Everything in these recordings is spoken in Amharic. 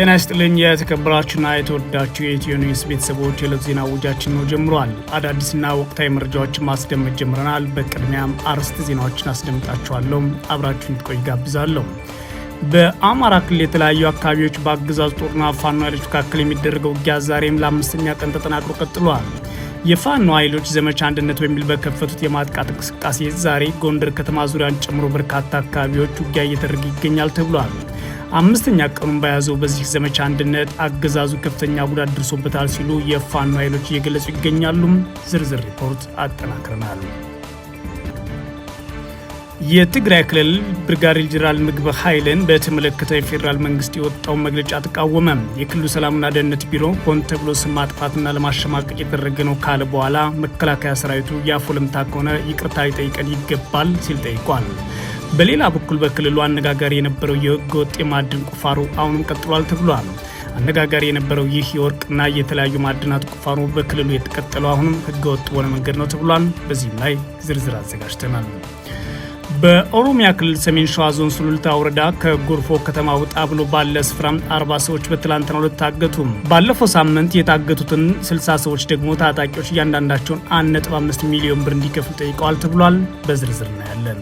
ጤና ይስጥልኝ የተከበራችሁና የተወዳችሁ የኢትዮ ኒውስ ቤተሰቦች፣ የዕለት ዜና ውጃችን ነው ጀምሯል። አዳዲስና ወቅታዊ መረጃዎችን ማስደመጥ ጀምረናል። በቅድሚያም አርዕስተ ዜናዎችን አስደምጣችኋለሁ። አብራችሁን ትቆዩ ጋብዛለሁ። በአማራ ክልል የተለያዩ አካባቢዎች በአገዛዙ ጦርና ፋኖ ኃይሎች መካከል የሚደረገው ውጊያ ዛሬም ለአምስተኛ ቀን ተጠናክሮ ቀጥሏል። የፋኖ ኃይሎች ዘመቻ አንድነት በሚል በከፈቱት የማጥቃት እንቅስቃሴ ዛሬ ጎንደር ከተማ ዙሪያን ጨምሮ በርካታ አካባቢዎች ውጊያ እየተደረገ ይገኛል ተብሏል። አምስተኛ ቀኑን በያዘው በዚህ ዘመቻ አንድነት አገዛዙ ከፍተኛ ጉዳት ደርሶበታል ሲሉ የፋኖ ኃይሎች እየገለጹ ይገኛሉ። ዝርዝር ሪፖርት አጠናክረናል። የትግራይ ክልል ብርጋዴር ጄኔራል ምግብ ኃይልን በተመለከተ የፌዴራል መንግስት የወጣውን መግለጫ ተቃወመ። የክልሉ ሰላምና ደህንነት ቢሮ ሆን ተብሎ ስም ማጥፋትና ለማሸማቀቅ የተደረገ ነው ካለ በኋላ መከላከያ ሰራዊቱ የአፎ ልምታ ከሆነ ይቅርታ ሊጠይቀን ይገባል ሲል ጠይቋል። በሌላ በኩል በክልሉ አነጋጋሪ የነበረው የህገወጥ የማዕድን ቁፋሮ አሁንም ቀጥሏል ተብሏል። አነጋጋሪ የነበረው ይህ የወርቅና የተለያዩ ማዕድናት ቁፋሮ በክልሉ የተቀጠለው አሁንም ህገወጥ በሆነ መንገድ ነው ተብሏል። በዚህም ላይ ዝርዝር አዘጋጅተናል። በኦሮሚያ ክልል ሰሜን ሸዋ ዞን ሱሉልታ ወረዳ ከጎርፎ ከተማ ውጣ ብሎ ባለ ስፍራ አርባ ሰዎች በትላንትናው ዕለት ታገቱ። ባለፈው ሳምንት የታገቱትን ስልሳ ሰዎች ደግሞ ታጣቂዎች እያንዳንዳቸውን አንድ ነጥብ አምስት ሚሊዮን ብር እንዲከፍሉ ጠይቀዋል ተብሏል። በዝርዝር እናያለን።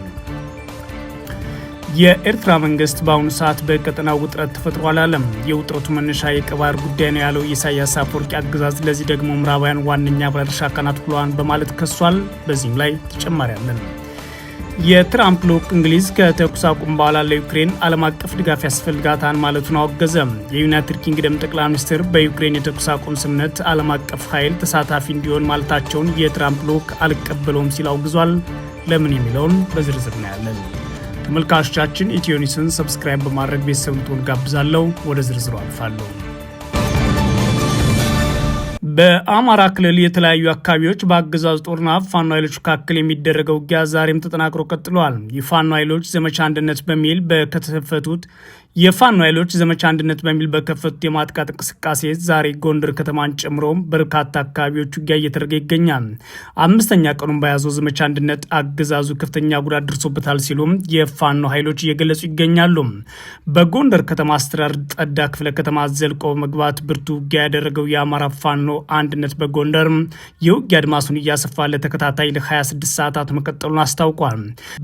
የኤርትራ መንግስት በአሁኑ ሰዓት በቀጠናው ውጥረት ተፈጥሯል አለም። የውጥረቱ መነሻ የቀባር ጉዳይ ነው ያለው ኢሳያስ አፈወርቂ አገዛዝ ለዚህ ደግሞ ምዕራባውያን ዋነኛ አብራድርሻ አካላት ብለዋል በማለት ከሷል። በዚህም ላይ ተጨማሪ አለን። የትራምፕ ልዑክ እንግሊዝ ከተኩስ አቁም በኋላ ለዩክሬን ዓለም አቀፍ ድጋፍ ያስፈልጋታን ማለቱን አወገዘ። የዩናይትድ ኪንግደም ጠቅላይ ሚኒስትር በዩክሬን የተኩስ አቁም ስምምነት ዓለም አቀፍ ኃይል ተሳታፊ እንዲሆን ማለታቸውን የትራምፕ ልዑክ አልቀበለውም ሲል አውግዟል። ለምን የሚለውን በዝርዝር እናያለን። ተመልካቾቻችን ኢትዮኒስን ሰብስክራይብ በማድረግ ቤተሰብ ልትሆን ጋብዛለሁ። ወደ ዝርዝሩ አልፋለሁ። በአማራ ክልል የተለያዩ አካባቢዎች በአገዛዝ ጦርና ፋኖ ኃይሎች መካከል የሚደረገው ውጊያ ዛሬም ተጠናክሮ ቀጥሏል። የፋኖ ኃይሎች ዘመቻ አንድነት በሚል በከተፈቱት የፋኖ ኃይሎች ዘመቻ አንድነት በሚል በከፈቱት የማጥቃት እንቅስቃሴ ዛሬ ጎንደር ከተማን ጨምሮ በርካታ አካባቢዎች ውጊያ እየተደረገ ይገኛል። አምስተኛ ቀኑን በያዘው ዘመቻ አንድነት አገዛዙ ከፍተኛ ጉዳት ደርሶበታል ሲሉም የፋኖ ኃይሎች እየገለጹ ይገኛሉ። በጎንደር ከተማ አስተዳደር ጠዳ ክፍለ ከተማ ዘልቆ መግባት ብርቱ ውጊያ ያደረገው የአማራ ፋኖ አንድነት በጎንደር የውጊያ አድማሱን እያሰፋ ለተከታታይ ለ26 ሰዓታት መቀጠሉን አስታውቋል።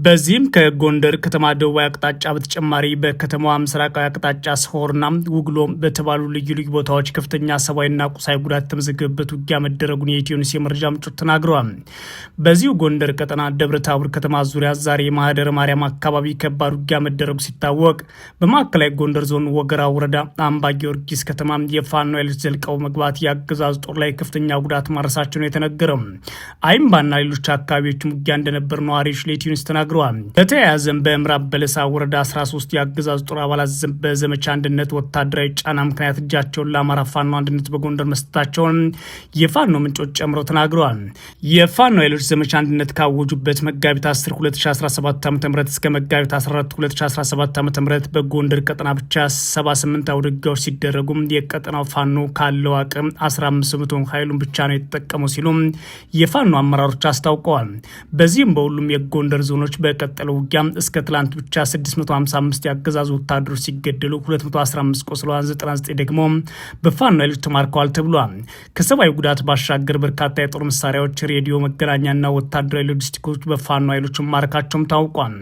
በዚህም ከጎንደር ከተማ ደቡባዊ አቅጣጫ በተጨማሪ በከተማዋ ምስራ ምስራቃዊ አቅጣጫ ሰሆርና ውግሎም በተባሉ ልዩ ልዩ ቦታዎች ከፍተኛ ሰብአዊና ቁሳዊ ጉዳት የተመዘገበበት ውጊያ መደረጉን የኢትዮኒስ የመረጃ ምንጮች ተናግረዋል። በዚሁ ጎንደር ቀጠና ደብረ ታቦር ከተማ ዙሪያ ዛሬ ማህደረ ማርያም አካባቢ ከባድ ውጊያ መደረጉ ሲታወቅ፣ በማዕከላዊ ጎንደር ዞን ወገራ ወረዳ አምባ ጊዮርጊስ ከተማ የፋኖ ኃይሎች ዘልቀው መግባት የአገዛዝ ጦር ላይ ከፍተኛ ጉዳት ማድረሳቸው ነው የተነገረው። አይምባና ሌሎች አካባቢዎች ውጊያ እንደነበር ነዋሪዎች ለኢትዮኒስ ተናግረዋል። በተያያዘም በምዕራብ በለሳ ወረዳ 13 የአገዛዝ ጦር አባላት በዘመቻ አንድነት ወታደራዊ ጫና ምክንያት እጃቸውን ለአማራ ፋኖ አንድነት በጎንደር መስጠታቸውን የፋኖ ምንጮች ጨምሮ ተናግረዋል። የፋኖ ኃይሎች ዘመቻ አንድነት ካወጁበት መጋቢት 10 2017 ዓ ም እስከ መጋቢት 14 2017 ዓ ም በጎንደር ቀጠና ብቻ 78 አውደ ሲደረጉ የቀጠናው ፋኖ ካለው አቅም 15 በመቶ ኃይሉን ብቻ ነው የተጠቀመው ሲሉ የፋኖ አመራሮች አስታውቀዋል። በዚህም በሁሉም የጎንደር ዞኖች በቀጠለው ውጊያ እስከ ትላንት ብቻ 655 የአገዛዙ ወታደሮች ሲገደሉ 215 ቆስለዋን 99 ደግሞ በፋኖ ኃይሎች ተማርከዋል ተብሏል። ከሰብአዊ ጉዳት ባሻገር በርካታ የጦር መሳሪያዎች፣ ሬዲዮ፣ መገናኛና ወታደራዊ ሎጂስቲኮች በፋኖ ኃይሎች መማረካቸውም ታውቋል።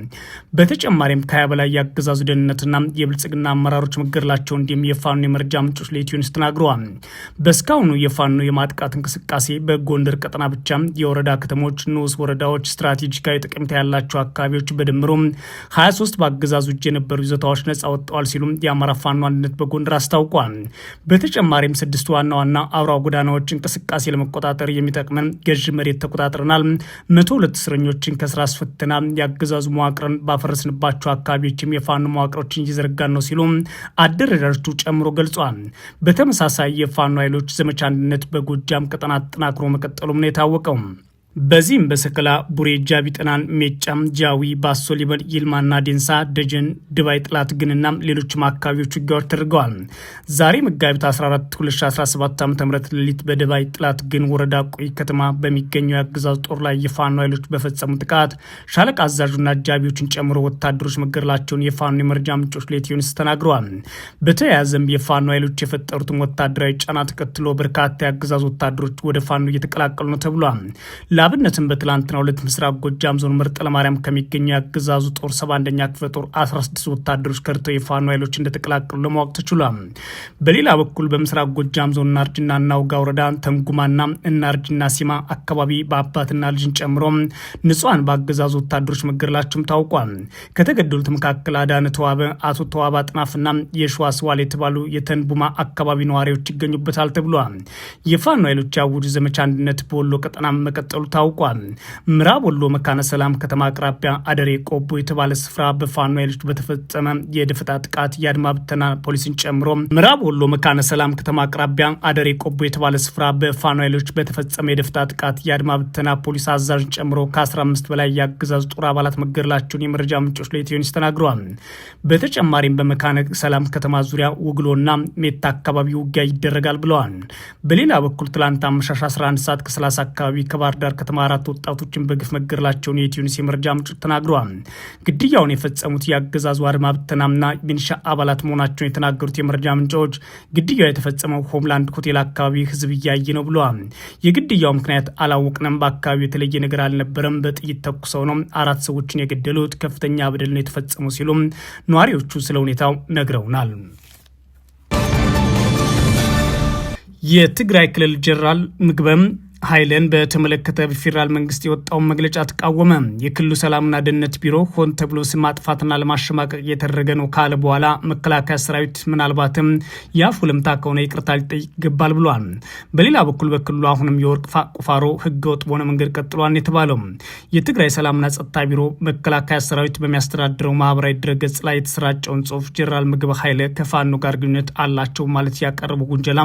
በተጨማሪም ከሀያ በላይ የአገዛዙ ደህንነትና የብልጽግና አመራሮች መገደላቸው እንዲሁም የፋኖ የመረጃ ምንጮች ለኢትዮኒስ ተናግረዋል። በእስካሁኑ የፋኖ የማጥቃት እንቅስቃሴ በጎንደር ቀጠና ብቻ የወረዳ ከተሞች፣ ንዑስ ወረዳዎች፣ ስትራቴጂካዊ ጠቀሜታ ያላቸው አካባቢዎች በድምሩ 23 በአገዛዙ እጅ የነበሩ ይዞታዎች ነጻ ወጥተዋል ሲሉም የአማራ ፋኖ አንድነት በጎንደር አስታውቋል። በተጨማሪም ስድስት ዋና ዋና አውራ ጎዳናዎች እንቅስቃሴ ለመቆጣጠር የሚጠቅመን ገዥ መሬት ተቆጣጥረናል፣ መቶ ሁለት እስረኞችን ከስራ አስፈትና የአገዛዙ መዋቅርን ባፈረስንባቸው አካባቢዎችም የፋኖ መዋቅሮችን እየዘረጋን ነው ሲሉ አደረጃጀቱ ጨምሮ ገልጿል። በተመሳሳይ የፋኖ ኃይሎች ዘመቻ አንድነት በጎጃም ቀጠና አጠናክሮ መቀጠሉም ነው የታወቀው። በዚህም በሰከላ ቡሬ፣ ጃቢ፣ ጥናን ሜጫም፣ ጃዊ፣ ባሶ፣ ሊበን፣ ይልማና ዴንሳ፣ ደጀን፣ ድባይ፣ ጥላት ግንና ሌሎችም አካባቢዎች ውጊያዎች ተደርገዋል። ዛሬ መጋቢት 14 2017 ዓ ም ሌሊት በድባይ ጥላት ግን ወረዳ ቆይ ከተማ በሚገኘው የአገዛዙ ጦር ላይ የፋኖ ኃይሎች በፈጸሙ ጥቃት ሻለቃ አዛዡና ጃቢዎችን ጨምሮ ወታደሮች መገደላቸውን የፋኖ የመረጃ ምንጮች ለኢትዮኒውስ ተናግረዋል። በተያያዘም የፋኖ ኃይሎች የፈጠሩትን ወታደራዊ ጫና ተከትሎ በርካታ የአገዛዙ ወታደሮች ወደ ፋኖ እየተቀላቀሉ ነው ተብሏል። ለአብነትም በትላንትናው ዕለት ምስራቅ ጎጃም ዞን መርጠ ለማርያም ከሚገኘው የአገዛዙ ጦር ሰባ አንደኛ ክፍለ ጦር 16 ወታደሮች ከርተው የፋኖ ኃይሎች እንደተቀላቀሉ ለማወቅ ተችሏል። በሌላ በኩል በምስራቅ ጎጃም ዞን እናርጅና እናውጋ ወረዳ ተንጉማና እናርጅና ሲማ አካባቢ በአባትና ልጅን ጨምሮ ንጹሐን በአገዛዙ ወታደሮች መገደላቸውም ታውቋል። ከተገደሉት መካከል አዳነ ተዋበ፣ አቶ ተዋበ አጥናፍና የሸዋ ስዋል የተባሉ የተንቡማ አካባቢ ነዋሪዎች ይገኙበታል ተብሏል። የፋኖ ኃይሎች ያውጁ ዘመቻ አንድነት በወሎ ቀጠና መቀጠሉ ታውቋል። ምዕራብ ወሎ መካነ ሰላም ከተማ አቅራቢያ አደሬ ቆቦ የተባለ ስፍራ በፋኖ ኃይሎች በተፈጸመ የደፈጣ ጥቃት የአድማ ብተና ፖሊስን ጨምሮ ምዕራብ ወሎ መካነ ሰላም ከተማ አቅራቢያ አደሬ ቆቦ የተባለ ስፍራ በፋኖ ኃይሎች በተፈጸመ የድፍታ ጥቃት የአድማ ብተና ፖሊስ አዛዥን ጨምሮ ከ15 በላይ የአገዛዝ ጦር አባላት መገደላቸውን የመረጃ ምንጮች ለኢትዮ ኒውስ ተናግረዋል። በተጨማሪም በመካነ ሰላም ከተማ ዙሪያ ውግሎና ሜታ አካባቢ ውጊያ ይደረጋል ብለዋል። በሌላ በኩል ትላንት አመሻሽ 11 ሰዓት ከ30 አካባቢ ከባህር ዳር ከተማ አራት ወጣቶችን በግፍ መገደላቸውን የኢትዮኒስ የመረጃ ምንጮች ተናግረዋል። ግድያውን የፈጸሙት የአገዛዙ አድማ ብተናና ሚንሻ አባላት መሆናቸውን የተናገሩት የመረጃ ምንጮች ግድያው የተፈጸመው ሆምላንድ ሆቴል አካባቢ ህዝብ እያየ ነው ብለዋል። የግድያው ምክንያት አላወቅንም፣ በአካባቢው የተለየ ነገር አልነበረም፣ በጥይት ተኩሰው ነው አራት ሰዎችን የገደሉት፣ ከፍተኛ በደል ነው የተፈጸመው ሲሉም ነዋሪዎቹ ስለ ሁኔታው ነግረውናል። የትግራይ ክልል ጀነራል ምግበም ኃይልን በተመለከተ በፌዴራል መንግስት የወጣውን መግለጫ ተቃወመ። የክልሉ ሰላምና ደህንነት ቢሮ ሆን ተብሎ ስም ማጥፋትና ለማሸማቀቅ እየተደረገ ነው ካለ በኋላ መከላከያ ሰራዊት ምናልባትም የአፍ ወለምታ ከሆነ ይቅርታ ሊጠይቅ ይገባል ብሏል። በሌላ በኩል በክልሉ አሁንም የወርቅ ቁፋሮ ህገወጥ በሆነ መንገድ ቀጥሏል የተባለው የትግራይ ሰላምና ጸጥታ ቢሮ መከላከያ ሰራዊት በሚያስተዳድረው ማህበራዊ ድረገጽ ላይ የተሰራጨውን ጽሁፍ ጄኔራል ምግብ ኃይለ ከፋኖ ጋር ግንኙነት አላቸው ማለት ያቀረበው ውንጀላ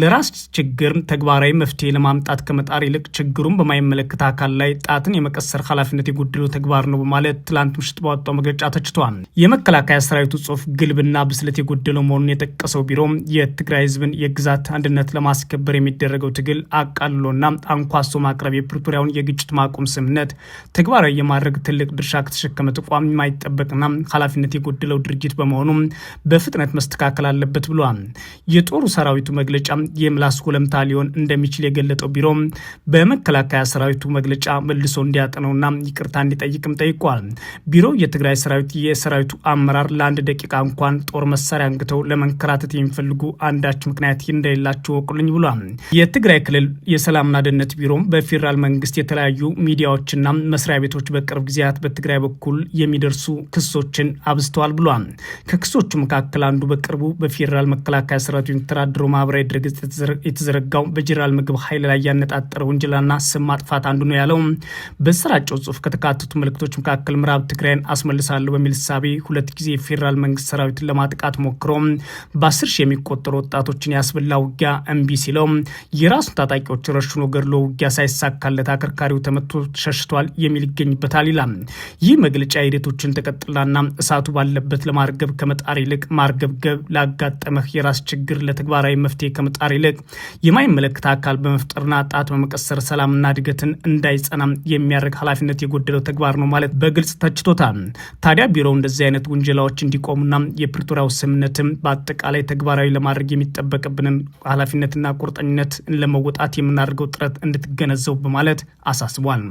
ለራስ ችግር ተግባራዊ መፍትሄ ለማምጣት ጥቃት ከመጣር ይልቅ ችግሩን በማይመለከት አካል ላይ ጣትን የመቀሰር ኃላፊነት የጎደለው ተግባር ነው በማለት ትላንት ምሽት ባወጣው መግለጫ ተችቷል። የመከላከያ ሰራዊቱ ጽሁፍ ግልብና ብስለት የጎደለው መሆኑን የጠቀሰው ቢሮ የትግራይ ህዝብን የግዛት አንድነት ለማስከበር የሚደረገው ትግል አቃልሎና አንኳሶ ማቅረብ የፕሪቶሪያውን የግጭት ማቆም ስምምነት ተግባራዊ የማድረግ ትልቅ ድርሻ ከተሸከመ ተቋም የማይጠበቅና ኃላፊነት የጎደለው ድርጅት በመሆኑ በፍጥነት መስተካከል አለበት ብሏል። የጦሩ ሰራዊቱ መግለጫ የምላስ ሁለምታ ሊሆን እንደሚችል የገለጠው ቢሮ ተከትሎም በመከላከያ ሰራዊቱ መግለጫ መልሶ እንዲያጠነውና ይቅርታ እንዲጠይቅም ጠይቋል። ቢሮው የትግራይ ሰራዊት የሰራዊቱ አመራር ለአንድ ደቂቃ እንኳን ጦር መሳሪያ አንግተው ለመንከራተት የሚፈልጉ አንዳች ምክንያት እንደሌላቸው ወቁልኝ ብሏል። የትግራይ ክልል የሰላምና ደህንነት ቢሮም በፌዴራል መንግስት የተለያዩ ሚዲያዎችና መስሪያ ቤቶች በቅርብ ጊዜያት በትግራይ በኩል የሚደርሱ ክሶችን አብዝተዋል ብሏል። ከክሶቹ መካከል አንዱ በቅርቡ በፌዴራል መከላከያ ሰራዊቱ የሚተዳደረው ማህበራዊ ድረገጽ የተዘረጋው በጀኔራል ምግብ ኃይል ላይ ያነጣጠረ ውንጀላና ስም ማጥፋት አንዱ ነው ያለው በስራቸው ጽሁፍ ከተካተቱ መልእክቶች መካከል ምዕራብ ትግራይን አስመልሳለሁ በሚል ሳቤ ሁለት ጊዜ የፌዴራል መንግስት ሰራዊትን ለማጥቃት ሞክሮ በአስር ሺህ የሚቆጠሩ ወጣቶችን ያስብላ ውጊያ እምቢ ሲለው የራሱን ታጣቂዎች ረሽኖ ገድሎ ውጊያ ሳይሳካለት አከርካሪው ተመቶ ሸሽቷል የሚል ይገኝበታል ይላል። ይህ መግለጫ ሂደቶችን ተቀጥላና እሳቱ ባለበት ለማርገብ ከመጣር ይልቅ ማርገብገብ ላጋጠመህ የራስ ችግር ለተግባራዊ መፍትሄ ከመጣር ይልቅ የማይመለከት አካል በመፍጠርና ማጣት በመቀሰር ሰላምና እድገትን እንዳይጸናም የሚያደርግ ኃላፊነት የጎደለው ተግባር ነው ማለት በግልጽ ተችቶታል። ታዲያ ቢሮው እንደዚህ አይነት ውንጀላዎች እንዲቆሙና የፕሪቶሪያው ስምምነትም በአጠቃላይ ተግባራዊ ለማድረግ የሚጠበቅብንን ኃላፊነትና ቁርጠኝነት ለመወጣት የምናደርገው ጥረት እንድትገነዘቡ በማለት አሳስቧል።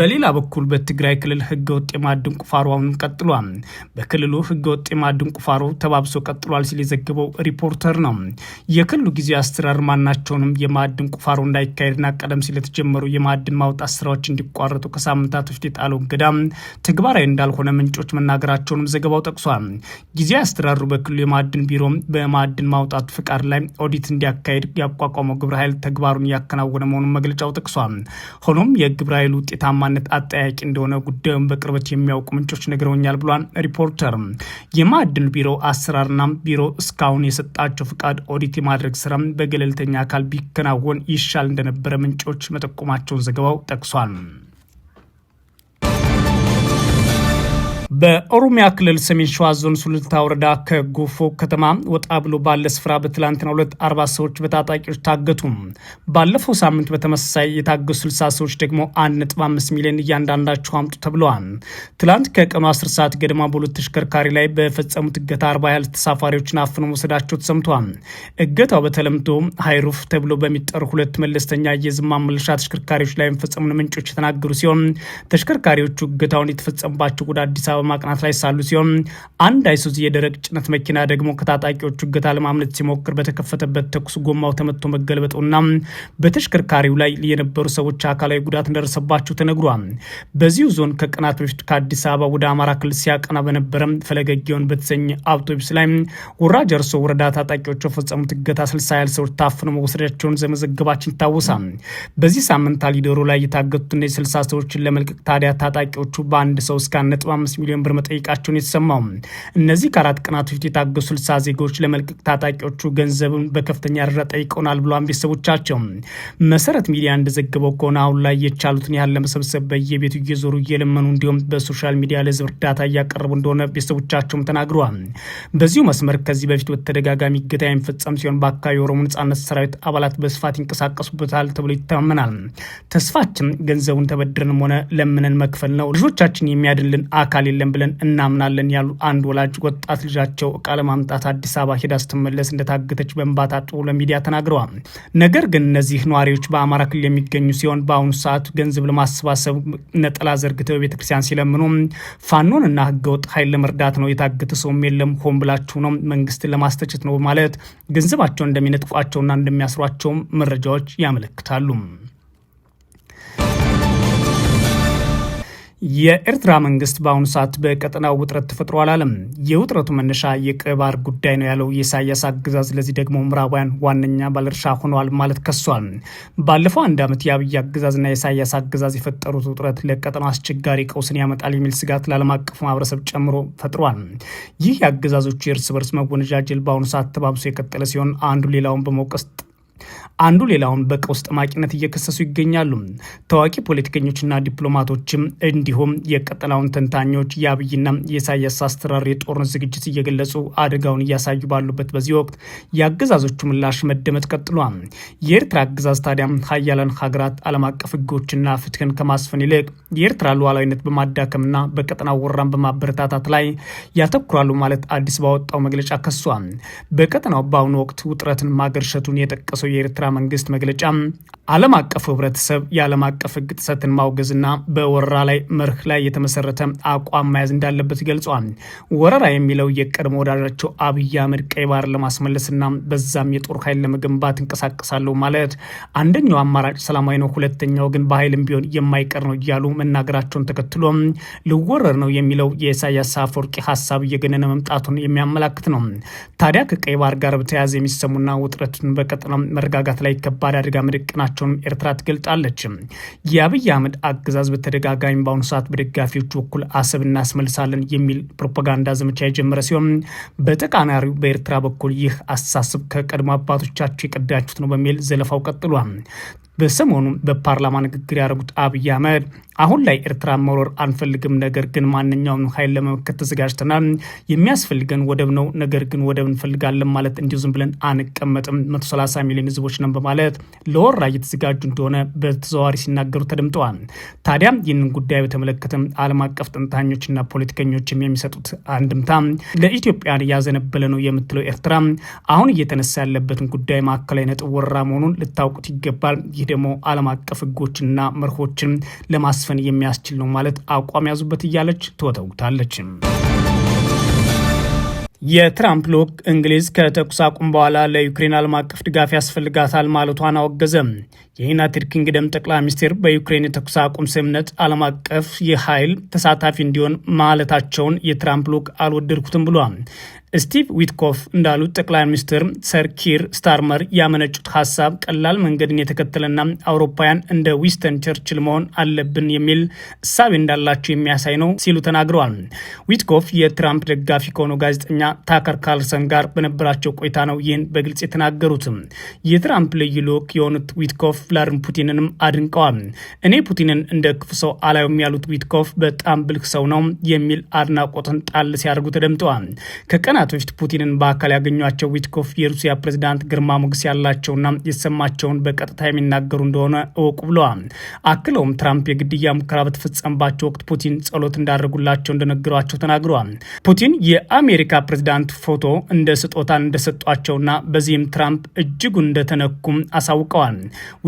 በሌላ በኩል በትግራይ ክልል ህገወጥ የማዕድን ቁፋሮ አሁንም ቀጥሏል። በክልሉ ህገወጥ የማዕድን ቁፋሮ ተባብሶ ቀጥሏል ሲል የዘገበው ሪፖርተር ነው። የክልሉ ጊዜያዊ አስተዳደር ማናቸውንም የማዕድን ቁፋሮ እንዳይካሄድና ቀደም ሲል የተጀመሩ የማዕድን ማውጣት ስራዎች እንዲቋረጡ ከሳምንታት በፊት የጣለው እገዳ ተግባራዊ እንዳልሆነ ምንጮች መናገራቸውንም ዘገባው ጠቅሷል። ጊዜያዊ አስተዳደሩ በክልሉ የማዕድን ቢሮ በማዕድን ማውጣት ፍቃድ ላይ ኦዲት እንዲያካሄድ ያቋቋመው ግብረ ኃይል ተግባሩን እያከናወነ መሆኑን መግለጫው ጠቅሷል። ሆኖም የግብረ ኃይሉ ውጤታማነት አጠያቂ እንደሆነ ጉዳዩን በቅርበት የሚያውቁ ምንጮች ነግረውኛል ብሏል ሪፖርተር። የማዕድን ቢሮ አሰራርና ቢሮ እስካሁን የሰጣቸው ፍቃድ ኦዲት የማድረግ ስራ በገለልተኛ አካል ቢከናወን ይሻል እንደነበረ ምንጮች መጠቆማቸውን ዘገባው ጠቅሷል። በኦሮሚያ ክልል ሰሜን ሸዋ ዞን ሱሉልታ ወረዳ ከጎፎ ከተማ ወጣ ብሎ ባለ ስፍራ በትላንትና ሁለት አርባ ሰዎች በታጣቂዎች ታገቱ። ባለፈው ሳምንት በተመሳሳይ የታገሱ ስልሳ ሰዎች ደግሞ አንድ ነጥብ አምስት ሚሊዮን እያንዳንዳቸው አምጡ ተብለዋል። ትላንት ከቀኑ አስር ሰዓት ገደማ በሁለት ተሽከርካሪ ላይ በፈጸሙት እገታ አርባ ያህል ተሳፋሪዎችን አፍኖ መውሰዳቸው ተሰምቷል። እገታው በተለምዶ ሀይሩፍ ተብሎ በሚጠሩ ሁለት መለስተኛ የዝማ መለሻ ተሽከርካሪዎች ላይ መፈጸሙን ምንጮች የተናገሩ ሲሆን ተሽከርካሪዎቹ እገታውን የተፈጸሙባቸው ወደ አዲስ አበባ በማቅናት ላይ ሳሉ ሲሆን አንድ አይሱዚ የደረቅ ጭነት መኪና ደግሞ ከታጣቂዎቹ እገታ ለማምለጥ ሲሞክር በተከፈተበት ተኩስ ጎማው ተመቶ መገልበጡና በተሽከርካሪው ላይ የነበሩ ሰዎች አካላዊ ጉዳት እንደደረሰባቸው ተነግሯል። በዚሁ ዞን ከቀናት በፊት ከአዲስ አበባ ወደ አማራ ክልል ሲያቀና በነበረ ፈለገጊዮን በተሰኘ አውቶቢስ ላይ ወራ ጀርሶ ወረዳ ታጣቂዎች የፈጸሙት እገታ ስልሳ ያህል ሰዎች ታፍነው መወሰዳቸውን ዘመዘገባችን ይታወሳል። በዚህ ሳምንት አሊዶሮ ላይ የታገቱትና ስልሳ ሰዎችን ለመልቀቅ ታዲያ ታጣቂዎቹ በአንድ ሰው እስከ 1.5 ሚሊዮን ሚሊዮን ብር መጠየቃቸውን የተሰማው እነዚህ ከአራት ቀናት ፊት የታገሱ ስልሳ ዜጎች ለመልቀቅ ታጣቂዎቹ ገንዘብን በከፍተኛ ደረጃ ጠይቀውናል ብሏን ቤተሰቦቻቸው መሰረት ሚዲያ እንደዘገበው ከሆነ አሁን ላይ የቻሉትን ያህል ለመሰብሰብ በየቤቱ እየዞሩ እየለመኑ እንዲሁም በሶሻል ሚዲያ ለህዝብ እርዳታ እያቀረቡ እንደሆነ ቤተሰቦቻቸውም ተናግረዋል። በዚሁ መስመር ከዚህ በፊት በተደጋጋሚ እገታ የሚፈጸም ሲሆን በአካባቢ የኦሮሞ ነጻነት ሰራዊት አባላት በስፋት ይንቀሳቀሱበታል ተብሎ ይተማመናል። ተስፋችን ገንዘቡን ተበድረንም ሆነ ለምነን መክፈል ነው። ልጆቻችን የሚያድልን አካል የለ የለም ብለን እናምናለን ያሉ አንድ ወላጅ ወጣት ልጃቸው እቃ ለማምጣት አዲስ አበባ ሄዳ ስትመለስ እንደታገተች በእንባታ ጥሩ ለሚዲያ ተናግረዋል። ነገር ግን እነዚህ ነዋሪዎች በአማራ ክልል የሚገኙ ሲሆን በአሁኑ ሰዓት ገንዘብ ለማሰባሰብ ነጠላ ዘርግተው ቤተክርስቲያን ሲለምኑ እና ህገወጥ ኃይል ለመርዳት ነው፣ የታገተ ሰውም የለም፣ ሆን ብላችሁ ነው፣ መንግስትን ለማስተቸት ነው በማለት ገንዘባቸውን እንደሚነጥፏቸውና እንደሚያስሯቸው መረጃዎች ያመለክታሉ። የኤርትራ መንግስት በአሁኑ ሰዓት በቀጠናው ውጥረት ተፈጥሮ አላለም። የውጥረቱ መነሻ የቀባር ጉዳይ ነው ያለው የኢሳያስ አገዛዝ ለዚህ ደግሞ ምዕራባውያን ዋነኛ ባለድርሻ ሆነዋል ማለት ከሷል። ባለፈው አንድ ዓመት የአብይ አገዛዝና የኢሳያስ አገዛዝ የፈጠሩት ውጥረት ለቀጠናው አስቸጋሪ ቀውስን ያመጣል የሚል ስጋት ለዓለም አቀፉ ማህበረሰብ ጨምሮ ፈጥሯል። ይህ የአገዛዞቹ የእርስ በርስ መወነጃጀል በአሁኑ ሰዓት ተባብሶ የቀጠለ ሲሆን አንዱ ሌላውን በመውቀስ አንዱ ሌላውን በቀውስ ጠማቂነት እየከሰሱ ይገኛሉ። ታዋቂ ፖለቲከኞችና ዲፕሎማቶችም እንዲሁም የቀጠናውን ተንታኞች የአብይና የኢሳያስ አስተራር የጦርነት ዝግጅት እየገለጹ አደጋውን እያሳዩ ባሉበት በዚህ ወቅት የአገዛዞቹ ምላሽ መደመጥ ቀጥሏል። የኤርትራ አገዛዝ ታዲያም ሀያላን ሀገራት ዓለም አቀፍ ህጎችና ፍትህን ከማስፈን ይልቅ የኤርትራ ሉዓላዊነት በማዳከምና በቀጠና ወራን በማበረታታት ላይ ያተኩራሉ ማለት አዲስ ባወጣው መግለጫ ከሷል። በቀጠናው በአሁኑ ወቅት ውጥረትን ማገርሸቱን የጠቀሰው የኤርትራ መንግስት መግለጫ ዓለም አቀፉ ህብረተሰብ የዓለም አቀፍ ህግ ጥሰትን ማውገዝና በወረራ ላይ መርህ ላይ የተመሰረተ አቋም መያዝ እንዳለበት ገልጿል። ወረራ የሚለው የቀድሞ ወዳጃቸው አብይ አህመድ ቀይ ባህር ለማስመለስና በዛም የጦር ኃይል ለመገንባት እንቀሳቀሳለሁ ማለት አንደኛው አማራጭ ሰላማዊ ነው፣ ሁለተኛው ግን በኃይልም ቢሆን የማይቀር ነው እያሉ መናገራቸውን ተከትሎ ልወረር ነው የሚለው የኢሳያስ አፈወርቂ ሀሳብ እየገነነ መምጣቱን የሚያመላክት ነው። ታዲያ ከቀይ ባህር ጋር በተያያዘ የሚሰሙና ውጥረቱን በቀጠና መረጋጋት ላይ ከባድ አደጋ መደቀናቸውን ኤርትራ ትገልጣለች። የአብይ አህመድ አገዛዝ በተደጋጋሚ በአሁኑ ሰዓት በደጋፊዎቹ በኩል አሰብ እናስመልሳለን የሚል ፕሮፓጋንዳ ዘመቻ የጀመረ ሲሆን በተቃራኒው በኤርትራ በኩል ይህ አስተሳሰብ ከቀድሞ አባቶቻቸው የቀዳችሁት ነው በሚል ዘለፋው ቀጥሏል። በሰሞኑ በፓርላማ ንግግር ያደረጉት አብይ አህመድ አሁን ላይ ኤርትራ መውረር አንፈልግም፣ ነገር ግን ማንኛውም ኃይል ለመመከት ተዘጋጅተናል። የሚያስፈልገን ወደብ ነው፣ ነገር ግን ወደብ እንፈልጋለን ማለት እንዲሁ ዝም ብለን አንቀመጥም፣ 130 ሚሊዮን ህዝቦች ነን በማለት ለወራ እየተዘጋጁ እንደሆነ በተዘዋዋሪ ሲናገሩ ተደምጠዋል። ታዲያ ይህንን ጉዳይ በተመለከተ ዓለም አቀፍ ተንታኞችና ፖለቲከኞችም የሚሰጡት አንድምታ ለኢትዮጵያ እያዘነበለ ነው የምትለው ኤርትራ አሁን እየተነሳ ያለበትን ጉዳይ ማዕከላዊ ነጥብ ወረራ መሆኑን ልታውቁት ይገባል። ይህ ደግሞ ዓለም አቀፍ ህጎችና መርሆችን ለማስፈን የሚያስችል ነው ማለት አቋም ያዙበት እያለች ትወተውታለች። የትራምፕ ልዑክ እንግሊዝ ከተኩስ አቁም በኋላ ለዩክሬን ዓለም አቀፍ ድጋፍ ያስፈልጋታል ማለቷን አወገዘም። የዩናይትድ ኪንግደም ጠቅላይ ሚኒስትር በዩክሬን የተኩስ አቁም ስምምነት ዓለም አቀፍ የኃይል ተሳታፊ እንዲሆን ማለታቸውን የትራምፕ ልዑክ አልወደድኩትም ብሏል። ስቲቭ ዊትኮፍ እንዳሉት ጠቅላይ ሚኒስትር ሰር ኪር ስታርመር ያመነጩት ሀሳብ ቀላል መንገድን የተከተለና አውሮፓውያን እንደ ዊስተን ቸርችል መሆን አለብን የሚል እሳቤ እንዳላቸው የሚያሳይ ነው ሲሉ ተናግረዋል። ዊትኮፍ የትራምፕ ደጋፊ ከሆኑ ጋዜጠኛ ታከር ካርልሰን ጋር በነበራቸው ቆይታ ነው ይህን በግልጽ የተናገሩት የትራምፕ ልዩ ልዑክ የሆኑት ዊትኮፍ ቭላድሚር ፑቲንንም አድንቀዋል። እኔ ፑቲንን እንደ ክፉ ሰው አላዩም ያሉት ዊትኮፍ በጣም ብልህ ሰው ነው የሚል አድናቆትን ጣል ሲያደርጉ ተደምጠዋል። ከቀና ቀናት ፑቲንን በአካል ያገኟቸው ዊትኮፍ የሩሲያ ፕሬዚዳንት ግርማ ሞገስ ያላቸውና የሰማቸውን በቀጥታ የሚናገሩ እንደሆነ እወቁ ብለዋል። አክለውም ትራምፕ የግድያ ሙከራ በተፈጸመባቸው ወቅት ፑቲን ጸሎት እንዳደረጉላቸው እንደነገሯቸው ተናግረዋል። ፑቲን የአሜሪካ ፕሬዚዳንት ፎቶ እንደ ስጦታ እንደሰጧቸውና በዚህም ትራምፕ እጅጉን እንደተነኩም አሳውቀዋል።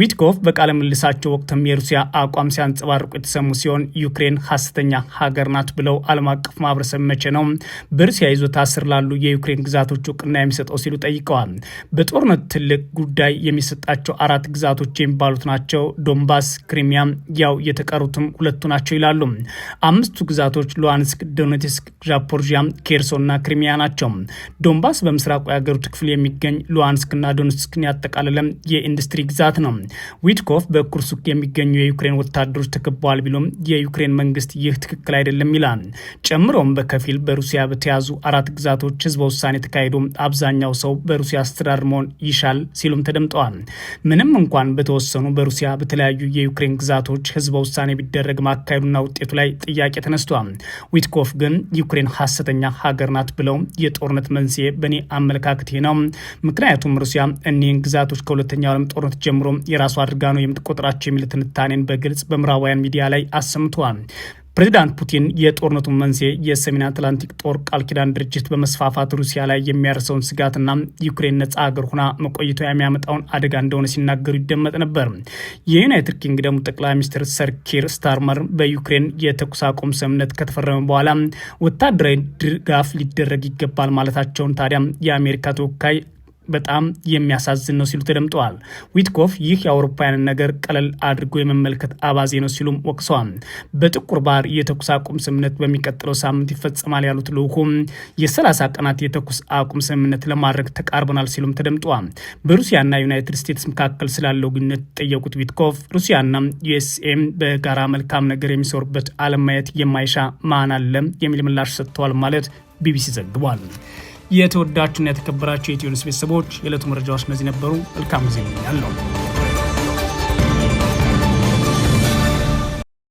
ዊትኮፍ በቃለ ምልሳቸው ወቅትም የሩሲያ አቋም ሲያንጸባርቁ የተሰሙ ሲሆን ዩክሬን ሀሰተኛ ሀገር ናት ብለው ዓለም አቀፍ ማህበረሰብ መቼ ነው በሩሲያ ይዞታ ስር ላሉ የዩክሬን ግዛቶች እውቅና የሚሰጠው ሲሉ ጠይቀዋል። በጦርነት ትልቅ ጉዳይ የሚሰጣቸው አራት ግዛቶች የሚባሉት ናቸው ዶንባስ፣ ክሪሚያ፣ ያው የተቀሩትም ሁለቱ ናቸው ይላሉ። አምስቱ ግዛቶች ሉሃንስክ፣ ዶኔትስክ፣ ዣፖርዣ፣ ኬርሶንና ክሪሚያ ናቸው። ዶንባስ በምስራቁ የአገሪቱ ክፍል የሚገኝ ሉሃንስክና ዶኔትስክን ያጠቃለለ የኢንዱስትሪ ግዛት ነው። ዊትኮፍ በኩርሱክ የሚገኙ የዩክሬን ወታደሮች ተከበዋል ቢሎም የዩክሬን መንግስት ይህ ትክክል አይደለም ይላል። ጨምሮም በከፊል በሩሲያ በተያዙ አራት ግዛቶች ጉዳዮች ህዝበ ውሳኔ ተካሂዶ አብዛኛው ሰው በሩሲያ አስተዳደር መሆን ይሻል ሲሉም ተደምጠዋል። ምንም እንኳን በተወሰኑ በሩሲያ በተለያዩ የዩክሬን ግዛቶች ህዝበ ውሳኔ ቢደረግ ማካሄዱና ውጤቱ ላይ ጥያቄ ተነስቷል። ዊትኮፍ ግን ዩክሬን ሀሰተኛ ሀገር ናት ብለው የጦርነት መንስኤ በእኔ አመለካከት ነው፣ ምክንያቱም ሩሲያ እኒህን ግዛቶች ከሁለተኛው ዓለም ጦርነት ጀምሮ የራሱ አድርጋ ነው የምትቆጥራቸው የሚል ትንታኔን በግልጽ በምዕራባውያን ሚዲያ ላይ አሰምተዋል። ፕሬዚዳንት ፑቲን የጦርነቱ መንስኤ የሰሜን አትላንቲክ ጦር ቃል ኪዳን ድርጅት በመስፋፋት ሩሲያ ላይ የሚያርሰውን ስጋትና ዩክሬን ነጻ ሀገር ሁና መቆየቷ የሚያመጣውን አደጋ እንደሆነ ሲናገሩ ይደመጥ ነበር። የዩናይትድ ኪንግደሙ ጠቅላይ ሚኒስትር ሰር ኪር ስታርመር በዩክሬን የተኩስ አቁም ስምምነት ከተፈረመ በኋላ ወታደራዊ ድጋፍ ሊደረግ ይገባል ማለታቸውን ታዲያ የአሜሪካ ተወካይ በጣም የሚያሳዝን ነው ሲሉ ተደምጠዋል። ዊትኮፍ ይህ የአውሮፓውያንን ነገር ቀለል አድርጎ የመመልከት አባዜ ነው ሲሉም ወቅሰዋል። በጥቁር ባህር የተኩስ አቁም ስምምነት በሚቀጥለው ሳምንት ይፈጸማል ያሉት ልዑኩም የሰላሳ ቀናት የተኩስ አቁም ስምምነት ለማድረግ ተቃርበናል ሲሉም ተደምጠዋል። በሩሲያና ዩናይትድ ስቴትስ መካከል ስላለው ግንኙነት ጠየቁት ዊትኮፍ ሩሲያና ዩኤስኤም በጋራ መልካም ነገር የሚሰሩበት አለማየት ማየት የማይሻ ማን አለ የሚል ምላሽ ሰጥተዋል ማለት ቢቢሲ ዘግቧል። የተወዳችሁና የተከበራችሁ የኢትዮ የኢትዮኒውስ ቤተሰቦች የዕለቱ መረጃዎች እነዚህ ነበሩ። መልካም ጊዜ ያለው